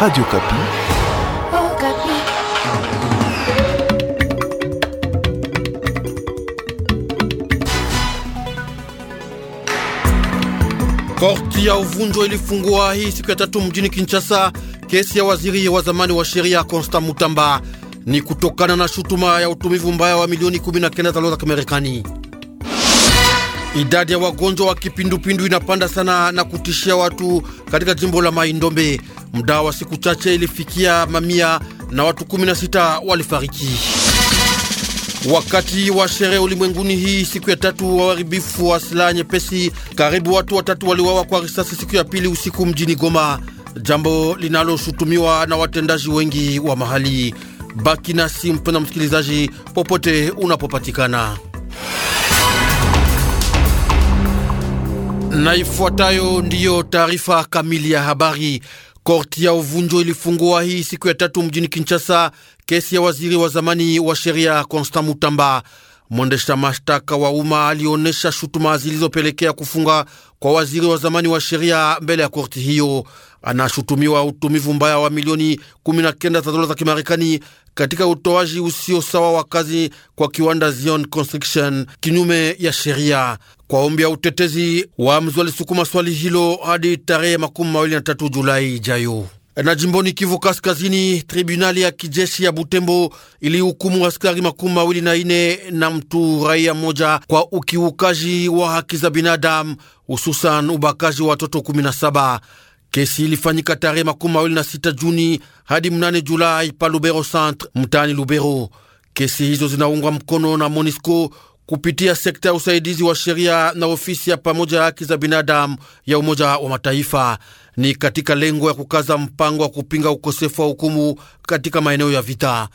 Radio Kapi. Oh, Kapi. Korti ya uvunjo ilifungua hii siku ya tatu mjini Kinshasa kesi ya waziri wa zamani wa sheria Constant Mutamba ni kutokana na shutuma ya utumivu mbaya wa milioni 19 za dola za Kimarekani. Idadi ya wagonjwa wa kipindupindu inapanda sana na kutishia watu katika jimbo la Maindombe. Muda wa siku chache ilifikia mamia na watu 16 walifariki. Wakati wa sherehe ulimwenguni hii siku ya tatu wa uharibifu wa silaha nyepesi, karibu watu watatu waliwawa kwa risasi siku ya pili usiku mjini Goma, jambo linaloshutumiwa na watendaji wengi wa mahali. Baki nasi mpenda msikilizaji, popote unapopatikana. Na ifuatayo ndiyo taarifa kamili ya habari. Korti ya uvunjo ilifungua hii siku ya tatu mjini Kinshasa kesi ya waziri wa zamani wa sheria Constant Mutamba. Mwendesha mashtaka wa umma alionyesha shutuma zilizopelekea kufunga kwa waziri wa zamani wa sheria mbele ya korti hiyo. Anashutumiwa utumivu mbaya wa milioni 19 za dola za Kimarekani katika utoaji usio sawa wa kazi kwa kiwanda Zion Construction kinyume ya sheria. Kwa ombi ya utetezi, waamuzi walisukuma swali hilo hadi tarehe makumi mawili na tatu Julai ijayo na jimboni Kivu Kaskazini, tribunali ya kijeshi ya Butembo ilihukumu askari makumi mawili na ine na mtu raia mmoja kwa ukiukaji wa haki za binadamu, hususan ubakaji wa watoto 17. Kesi ilifanyika tarehe makumi mawili na sita Juni hadi mnane Julai pa Lubero Centre mtaani Lubero. Kesi hizo zinaungwa mkono na MONISCO kupitia sekta ya usaidizi wa sheria na ofisi ya pamoja ya haki za binadamu ya Umoja wa Mataifa. Ni katika lengo ya kukaza mpango wa kupinga ukosefu wa hukumu katika maeneo ya vita.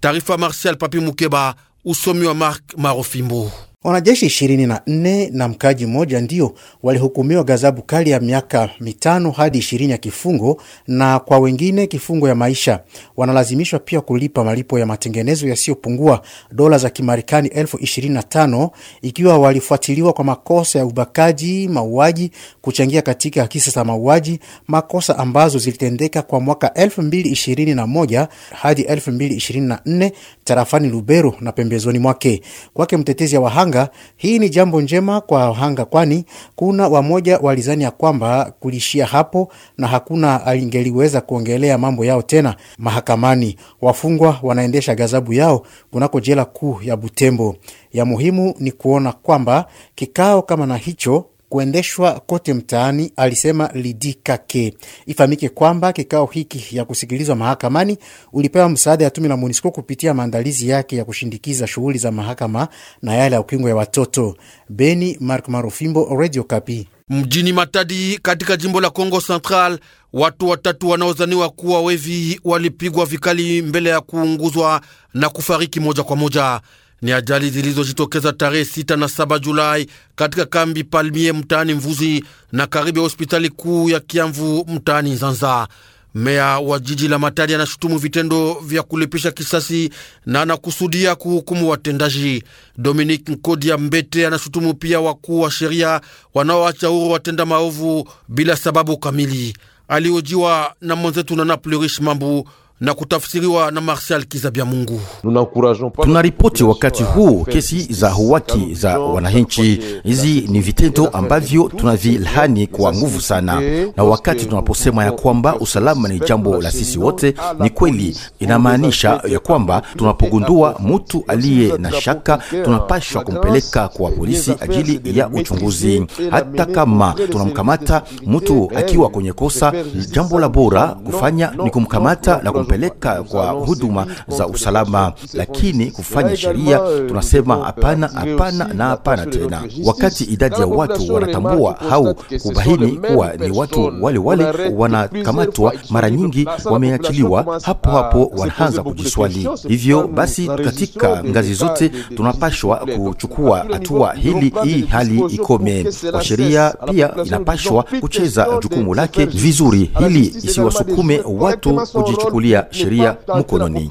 Taarifa Marsial Papi Mukeba, usomi wa Mark Marofimbo. Wanajeshi ishirini na nne na mkaaji mmoja ndio walihukumiwa ghadhabu kali ya miaka mitano hadi ishirini ya kifungo na kwa wengine kifungo ya maisha. Wanalazimishwa pia kulipa malipo ya matengenezo yasiyopungua dola za Kimarekani elfu ishirini na tano ikiwa walifuatiliwa kwa makosa ya ubakaji, mauaji, kuchangia katika kisa za mauaji, makosa ambazo zilitendeka kwa mwaka elfu mbili ishirini na moja hadi elfu mbili ishirini na nne tarafani Lubero na pembezoni mwake. Kwake mtetezi wa wahanga wahanga. Hii ni jambo njema kwa wahanga, kwani kuna wamoja walizani ya kwamba kulishia hapo na hakuna alingeliweza kuongelea mambo yao tena mahakamani. Wafungwa wanaendesha gazabu yao kunako jela kuu ya Butembo. Ya muhimu ni kuona kwamba kikao kama na hicho kuendeshwa kote mtaani, alisema Lidi Kake. Ifahamike kwamba kikao hiki ya kusikilizwa mahakamani ulipewa msaada ya tume la MONUSCO kupitia maandalizi yake ya kushindikiza shughuli za mahakama na yale ya ukingo ya watoto. Beni, Mark Marofimbo, Radio Kapi. Mjini Matadi katika jimbo la congo Central, watu watatu wanaozaniwa kuwa wevi walipigwa vikali mbele ya kuunguzwa na kufariki moja kwa moja ni ajali zilizojitokeza tarehe sita na saba Julai katika kambi Palmie mtaani Mvuzi na karibu ya hospitali kuu ya Kiamvu mtaani Nzanza. Meya wa jiji la Matadi anashutumu vitendo vya kulipisha kisasi na anakusudia kuhukumu watendaji. Dominik Nkodia Mbete anashutumu pia wakuu wa sheria wanaoacha huru watenda maovu bila sababu kamili. Aliojiwa na mwenzetu Nana Mambu na kutafsiriwa na Marshal Kizabia Mungu. Tunaripoti wakati huu kesi za huwaki za wananchi. Hizi ni vitendo ambavyo tunavilhani kwa nguvu sana, na wakati tunaposema ya kwamba usalama ni jambo la sisi wote, ni kweli. Inamaanisha ya kwamba tunapogundua mtu aliye na shaka, tunapashwa kumpeleka kwa polisi ajili ya uchunguzi, hata kama tunamkamata mtu akiwa kwenye kosa. Jambo la bora kufanya ni kumkamata na kumpeleka kwa huduma za usalama, lakini kufanya sheria tunasema hapana, hapana na hapana tena. Wakati idadi ya watu wanatambua au kubaini kuwa ni watu wale wale wanakamatwa, mara nyingi wameachiliwa hapo hapo, wanaanza kujiswali. Hivyo basi, katika ngazi zote tunapashwa kuchukua hatua hili hii hali ikome. Kwa sheria pia inapashwa kucheza jukumu lake vizuri, hili isiwasukume watu kujichukulia sheria sheria mkononi.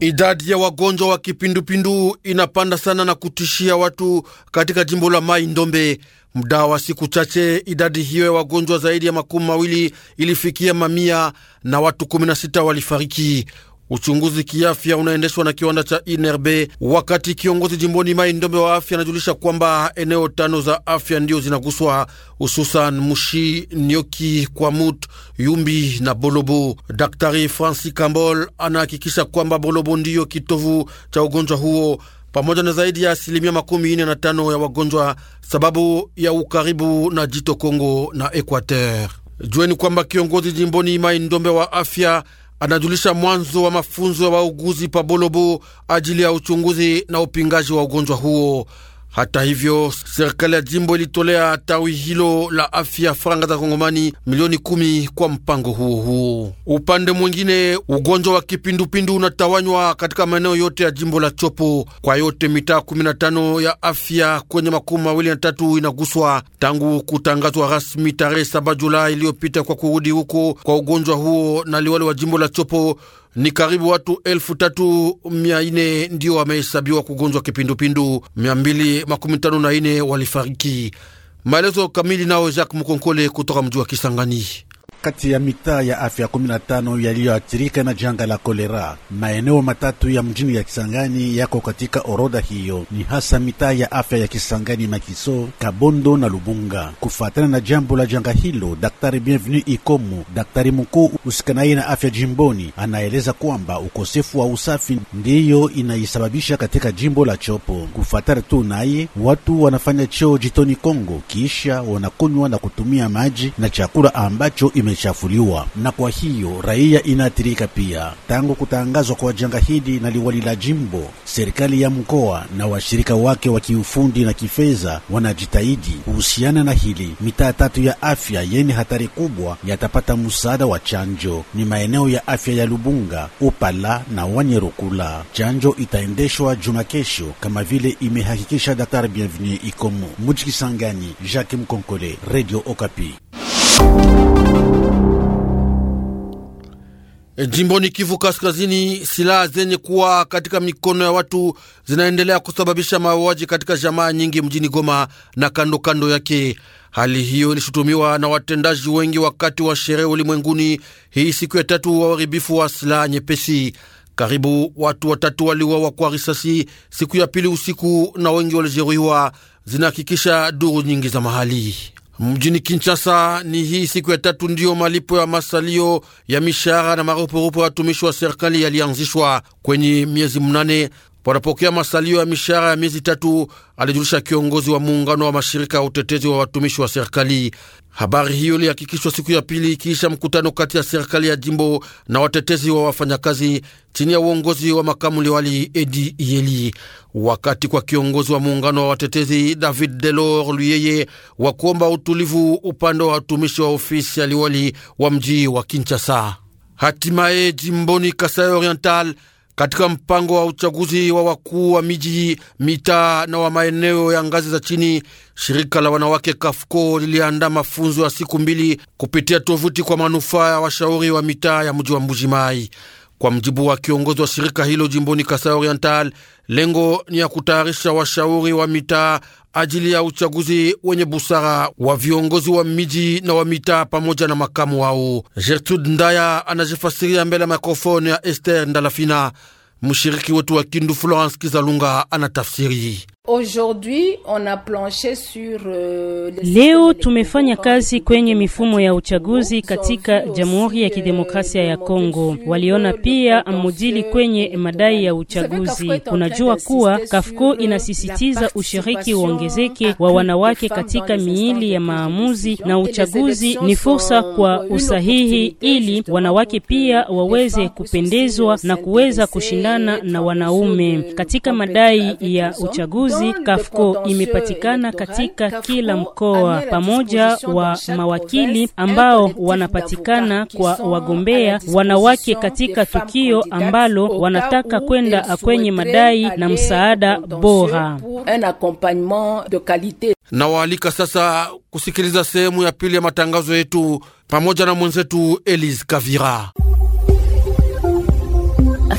Idadi ya wagonjwa wa kipindupindu inapanda sana na kutishia watu katika jimbo la Mai Ndombe. Muda wa siku chache, idadi hiyo ya wagonjwa zaidi ya makumi mawili ilifikia mamia na watu 16 walifariki. Uchunguzi kiafya unaendeshwa na kiwanda cha INRB, wakati kiongozi jimboni Mai Ndombe wa afya anajulisha kwamba eneo tano za afya ndiyo zinaguswa, hususan Mushi, Nioki, Kwamut, Yumbi na Bolobo. Daktari Francis Cambol anahakikisha kwamba Bolobo ndiyo kitovu cha ugonjwa huo pamoja na zaidi ya asilimia makumi ine na tano ya wagonjwa sababu ya ukaribu na jito Kongo na Equateur. Jueni kwamba kiongozi jimboni Mai Ndombe wa afya anajulisha mwanzo wa mafunzo ya wa wauguzi pa Bolobo ajili ya uchunguzi na upingaji wa ugonjwa huo. Hata hivyo, serikali ya jimbo ilitolea tawi hilo la afya faranga za kongomani milioni kumi kwa mpango huo huo. Upande mwingine, ugonjwa wa kipindupindu unatawanywa katika maeneo yote ya jimbo la Chopo. Kwa yote mitaa 15 ya afya kwenye makumi mawili na tatu inaguswa tangu kutangazwa rasmi tarehe 7 Julai iliyopita kwa kurudi huko kwa ugonjwa huo na liwali wa jimbo la Chopo ni karibu watu elfu tatu mia ine ndio wamehesabiwa kugonjwa kipindupindu, mia mbili makumi tano na ine walifariki. Maelezo kamili nao Jacques Mukonkole kutoka mji wa Kisangani kati ya mitaa ya afya 15 yaliyoathirika na janga la kolera. Maeneo matatu ya mjini ya Kisangani yako katika orodha hiyo, ni hasa mitaa ya afya ya Kisangani, Makiso, Kabondo na Lubunga. Kufuatana na jambo la janga hilo, Daktari Bienvenu Ikomo, daktari mkuu usikanaye na afya jimboni, anaeleza kwamba ukosefu wa usafi ndiyo inaisababisha katika jimbo la Chopo. Kufuatana tu naye, watu wanafanya choo jitoni Kongo, kisha wanakunywa na kutumia maji na chakula ambacho ime zilichafuliwa, na kwa hiyo raia inaathirika pia. Tangu kutangazwa kwa janga hili na liwali la jimbo, serikali ya mkoa na washirika wake wa kiufundi na kifedha wanajitahidi kuhusiana na hili. Mitaa tatu ya afya yenye hatari kubwa yatapata msaada wa chanjo, ni maeneo ya afya ya Lubunga, upala na Wanyerukula. Chanjo itaendeshwa juma kesho kama vile imehakikisha Daktari Bienvenu Ikomo. Mujikisangani, Jacques Mkonkole, Radio Okapi. Eh, Jimboni Kivu Kaskazini, silaha zenye kuwa katika mikono ya watu zinaendelea kusababisha mauaji katika jamaa nyingi mjini Goma na kando kando yake. Hali hiyo ilishutumiwa na watendaji wengi wakati wa sherehe ulimwenguni hii siku ya tatu wa uharibifu wa silaha nyepesi. Karibu watu watatu waliuawa kwa risasi siku ya pili usiku na wengi walijeruhiwa, zinahakikisha duru nyingi za mahali. Mjini Kinshasa ni hii siku ya tatu ndiyo malipo ya masalio ya mishahara na marupurupu ya watumishi wa serikali yalianzishwa kwenye miezi mnane wanapokea masalio ya mishahara ya miezi tatu, alijulisha kiongozi wa muungano wa mashirika ya utetezi wa watumishi wa serikali. Habari hiyo ilihakikishwa siku ya pili ikiisha mkutano kati ya serikali ya jimbo na watetezi wa wafanyakazi chini ya uongozi wa makamu liwali Edi Yeli. Wakati kwa kiongozi wa muungano wa watetezi David Delor Luyeye wa kuomba utulivu upande wa watumishi wa ofisi ya liwali wa mji wa Kinshasa. Hatimaye jimboni Kasai Oriental katika mpango wa uchaguzi wa wakuu wa miji, mitaa na wa maeneo ya ngazi za chini. Shirika la wanawake Kafko liliandaa mafunzo ya siku mbili kupitia tovuti kwa manufaa ya washauri wa, wa mitaa ya mji wa Mbujimai. Kwa mjibu wa kiongozi wa shirika hilo jimboni Kasai Oriental, lengo ni ya kutayarisha washauri wa, wa mitaa ajili ya uchaguzi wenye busara wa viongozi wa miji na wa mitaa pamoja na makamu wao. Gertrude Ndaya anajifasiria mbele ya mikrofoni ya Esther Ndalafina. Mshiriki wetu wa Kindu Florence Kizalunga anatafsiri. Euh, Leo tumefanya kazi kwenye mifumo ya uchaguzi katika Jamhuri ya euh, Kidemokrasia ya Kongo. Waliona pia mujili kwenye madai ya uchaguzi. Unajua kuwa Kafko inasisitiza ushiriki uongezeke wa wanawake katika miili ya maamuzi, na uchaguzi ni fursa kwa usahihi, ili wanawake pia waweze kupendezwa euh, na kuweza kushindana na wanaume katika madai ya uchaguzi kazi Kafco imepatikana katika kila mkoa, pamoja wa mawakili ambao wanapatikana kwa wagombea wanawake katika tukio ambalo wanataka kwenda kwenye madai na msaada bora. Nawaalika sasa kusikiliza sehemu ya pili ya matangazo yetu pamoja na mwenzetu Elise Kavira,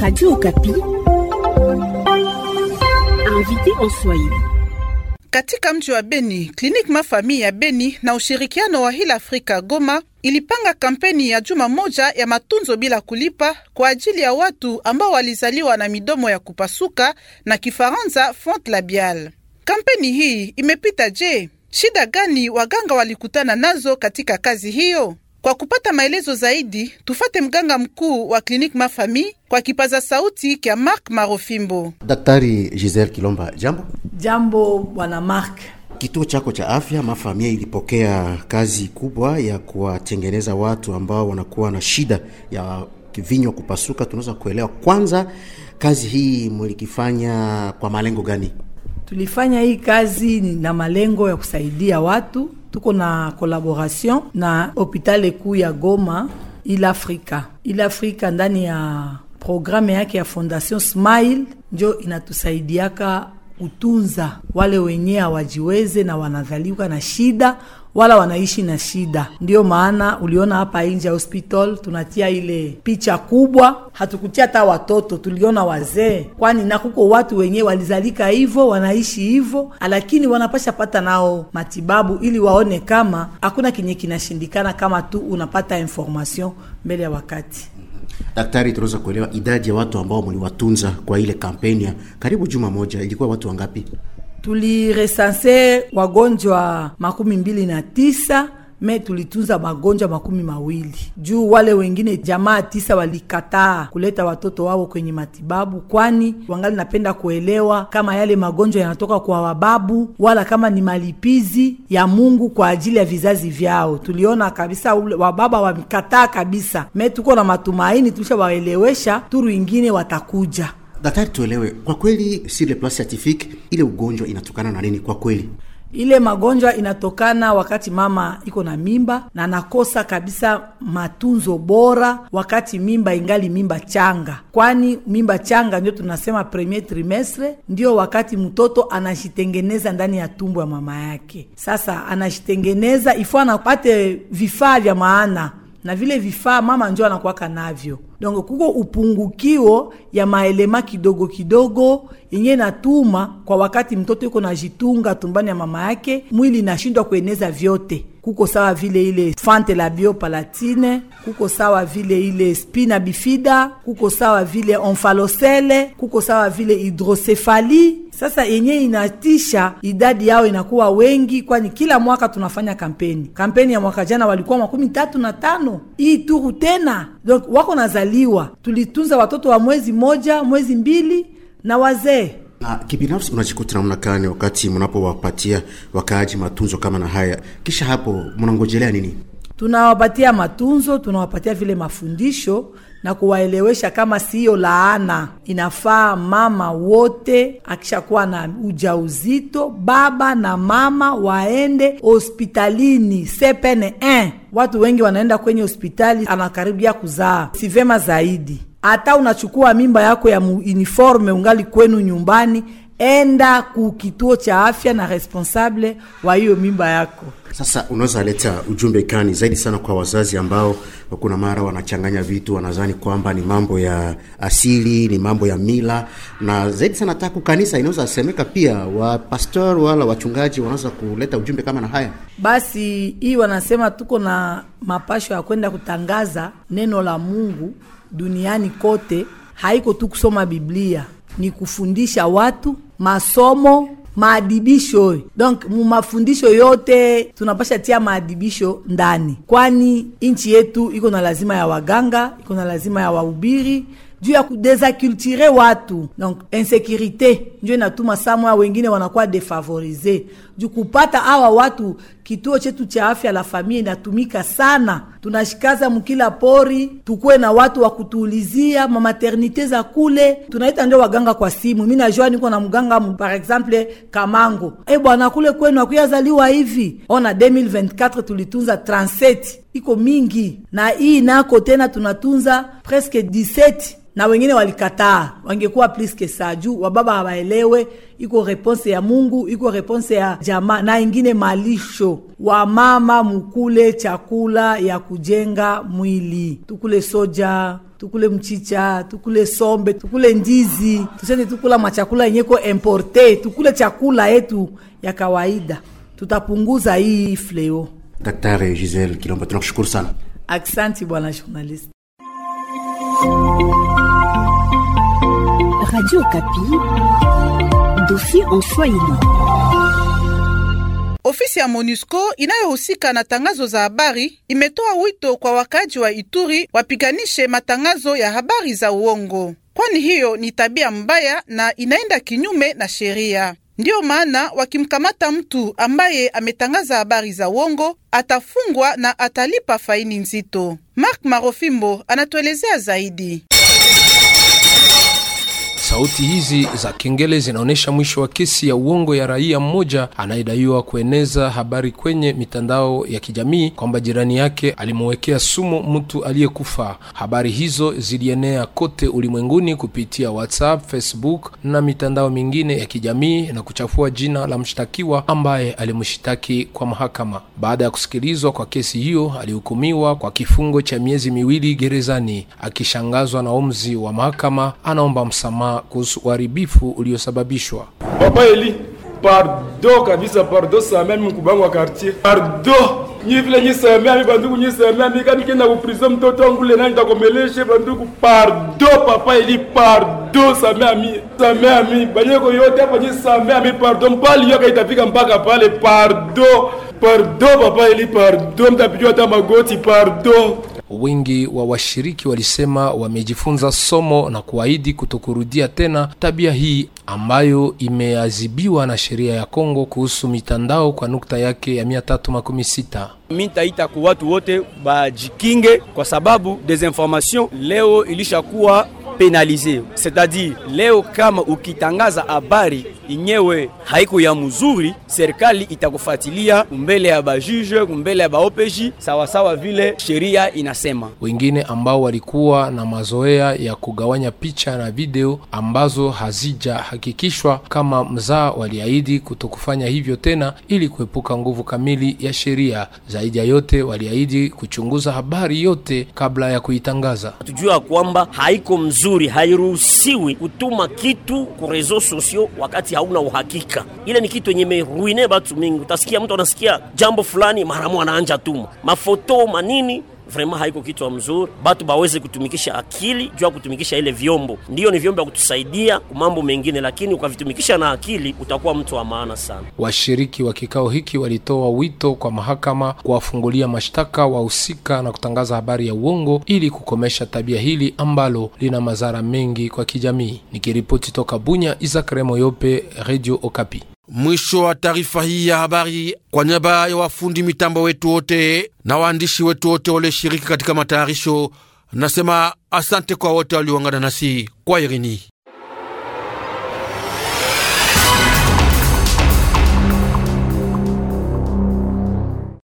Radio invité en Swahili. Katika mji wa Beni, Clinic Mafamii ya Beni na ushirikiano wa Hill afrika Goma ilipanga kampeni ya juma moja ya matunzo bila kulipa kwa ajili ya watu ambao walizaliwa na midomo ya kupasuka na Kifaransa font labial. Kampeni hii imepita je? Shida gani waganga walikutana nazo katika kazi hiyo? Kwa kupata maelezo zaidi, tufate mganga mkuu wa kliniki Mafami kwa kipaza sauti kya Mark Marofimbo. Daktari Giselle Kilomba, jambo. Jambo bwana Mark. Kituo chako cha afya Mafamia ilipokea kazi kubwa ya kuwatengeneza watu ambao wanakuwa na shida ya vinywa kupasuka. Tunaweza kuelewa kwanza, kazi hii mlikifanya kwa malengo gani? Tulifanya hii kazi na malengo ya kusaidia watu tuko na collaboration na hopitale kuu ya Goma il Africa. Il Africa ndani ya programe yake ya Fondation Smile njo inatusaidiaka kutunza wale wenye hawajiweze na wanadhaliwa na shida wala wanaishi na shida. Ndiyo maana uliona hapa nje ya hospital tunatia ile picha kubwa, hatukutia hata watoto, tuliona wazee, kwani na kuko watu wenye walizalika hivyo wanaishi hivyo, lakini wanapasha pata nao matibabu ili waone kama hakuna kinye kinashindikana, kama tu unapata information mbele ya wakati. Daktari, tunaweza kuelewa idadi ya watu ambao mliwatunza kwa ile kampeni karibu juma moja, ilikuwa watu wangapi? tulirecense wagonjwa makumi mbili na tisa me tulitunza magonjwa makumi mawili juu wale wengine jamaa tisa walikataa kuleta watoto wao kwenye matibabu, kwani wangali napenda kuelewa kama yale magonjwa yanatoka kwa wababu wala kama ni malipizi ya Mungu kwa ajili ya vizazi vyao. Tuliona kabisa ule, wababa wamkataa kabisa. Me tuko na matumaini, tulishawaelewesha turu ingine watakuja daktari, tuelewe kwa kweli, sur le ile ugonjwa inatokana na nini kwa kweli? Ile magonjwa inatokana wakati mama iko na mimba na nakosa kabisa matunzo bora wakati mimba ingali mimba changa, kwani mimba changa ndio tunasema premier trimestre, ndio wakati mtoto anajitengeneza ndani ya tumbo ya mama yake. Sasa anajitengeneza ifo anapate vifaa vya maana na vile vifaa mama njo anakuwaka navyo. Donc kuko upungukio ya maelema kidogo kidogo yenye natuma kwa wakati mtoto iko najitunga tumbani ya mama yake, mwili nashindwa kueneza vyote kuko sawa vile ile fante la biopalatine, kuko sawa vile ile spina bifida, kuko sawa vile onfalosele, kuko sawa vile hidrosefali. Sasa yenye inatisha, idadi yao inakuwa wengi, kwani kila mwaka tunafanya kampeni. Kampeni ya mwaka jana walikuwa makumi tatu na tano, hii turu tena donc wako nazaliwa. Tulitunza watoto wa mwezi moja, mwezi mbili na wazee Ah, kibinafsi unajikuta namna gani wakati mnapowapatia wakaaji matunzo kama na haya, kisha hapo mnangojelea nini? Tunawapatia matunzo, tunawapatia vile mafundisho na kuwaelewesha kama siyo laana. Inafaa mama wote akishakuwa na ujauzito, baba na mama waende hospitalini sepene. Eh, watu wengi wanaenda kwenye hospitali anakaribia kuzaa, si zaidi hata unachukua mimba yako ya uniforme ungali kwenu nyumbani, enda ku kituo cha afya na responsable wa hiyo mimba yako. Sasa unaweza leta ujumbe gani zaidi sana kwa wazazi ambao kuna mara wanachanganya vitu, wanazani kwamba ni mambo ya asili, ni mambo ya mila, na zaidi sana taku kanisa inaweza semeka pia, pastor wala wachungaji wanaweza kuleta ujumbe kama na haya. Basi hii wanasema tuko na mapasho ya kwenda kutangaza neno la Mungu duniani kote haiko tu kusoma Biblia, ni kufundisha watu masomo maadibisho. Donc mu mafundisho yote tunapasha tia maadibisho ndani, kwani nchi yetu iko na lazima ya waganga, iko na lazima ya wahubiri juu ya kudesaculture watu. Donc insekirite ndio inatuma samoya wengine wanakuwa defavorize juu kupata awa watu. Kituo chetu cha afya la familia inatumika sana, tunashikaza mkila pori, tukuwe na watu wa kutuulizia mamaternite za kule, tunaita ndio waganga kwa simu. Mi najua niko na mganga par exemple Kamango, e bwana, kule kwenu akuyazaliwa hivi. Ona 2024 tulitunza 37 iko mingi, na hii nako tena tunatunza presque 17 na wengine walikataa, wangekuwa plus kesa juu wababa hawaelewe. Iko reponse ya Mungu, iko reponse ya jamaa na ingine malisho. Wamama mukule chakula ya kujenga mwili, tukule soja tukule mchicha, tukule sombe, tukule ndizi, tusende tukula machakula yenye ko importe, tukule chakula yetu ya kawaida, tutapunguza hii fleo. Daktari Giselle Kilomba, tunakushukuru sana. Aksanti bwana journalist. Radio Kapi, dofi en Swahili. Ofisi ya MONUSCO inayohusika na tangazo za habari imetoa wito kwa wakaji wa Ituri wapiganishe matangazo ya habari za uongo, kwani hiyo ni tabia mbaya na inaenda kinyume na sheria. Ndiyo maana wakimkamata mtu ambaye ametangaza habari za uongo atafungwa na atalipa faini nzito. Mark Marofimbo anatuelezea zaidi. Sauti hizi za kengele zinaonyesha mwisho wa kesi ya uongo ya raia mmoja anayedaiwa kueneza habari kwenye mitandao ya kijamii kwamba jirani yake alimwekea sumu mtu aliyekufa. Habari hizo zilienea kote ulimwenguni kupitia WhatsApp, Facebook na mitandao mingine ya kijamii na kuchafua jina la mshtakiwa ambaye alimshitaki kwa mahakama. Baada ya kusikilizwa kwa kesi hiyo, alihukumiwa kwa kifungo cha miezi miwili gerezani. Akishangazwa na omzi wa mahakama, anaomba msamaha kuhusu uharibifu uliosababishwa. Papa Eli, pardo kabisa, pardo samea mimi kubangwa quartier, pardo nyi vile nyi samea mimi banduku, nyi samea mimi kani kenda ku mtoto wangu le nani banduku, pardo Papa Eli, pardo samea mimi, samea mimi banyeko yote hapa, nyi samea mimi, pardo mbali yoka itafika mpaka pale, pardo pardo Papa Eli, pardo mtapijwa hata magoti, pardo Wengi wa washiriki walisema wamejifunza somo na kuahidi kutokurudia tena tabia hii ambayo imeadhibiwa na sheria ya Kongo kuhusu mitandao kwa nukta yake ya 316. tatu Mi nitaita kwa watu wote bajikinge, kwa sababu desinformation leo ilishakuwa penalize. C'est-à-dire leo kama ukitangaza habari inyewe haiko ya mzuri, serikali itakufuatilia kumbele ya bajuje, kumbele ya baopeji, sawasawa vile sheria inasema. Wengine ambao walikuwa na mazoea ya kugawanya picha na video ambazo hazijahakikishwa kama mzaa, waliahidi kutokufanya hivyo tena ili kuepuka nguvu kamili ya sheria. Zaidi ya yote, waliahidi kuchunguza habari yote kabla ya kuitangaza. Tujua kwamba haiko mzuri vizuri. Hairuhusiwi kutuma kitu ku rezo sosio wakati hauna uhakika. Ile ni kitu yenye meruine batu mingi. Utasikia mtu anasikia jambo fulani, mara anaanja tuma mafoto manini vraiment haiko kitu mzuri, batu baweze kutumikisha akili juu ya kutumikisha ile vyombo. Ndiyo ni vyombo vya kutusaidia mambo mengine, lakini ukavitumikisha na akili utakuwa mtu wa maana sana. Washiriki wa kikao hiki walitoa wito kwa mahakama kuwafungulia mashtaka wahusika na kutangaza habari ya uongo ili kukomesha tabia hili ambalo lina madhara mengi kwa kijamii. Nikiripoti toka Bunya, Isaac Remoyope, Radio Okapi. Mwisho wa taarifa hii ya habari, kwa niaba ya wafundi mitambo wetu wote na waandishi wetu wote walioshiriki katika matayarisho, nasema asante kwa wote walioungana nasi kwa irini.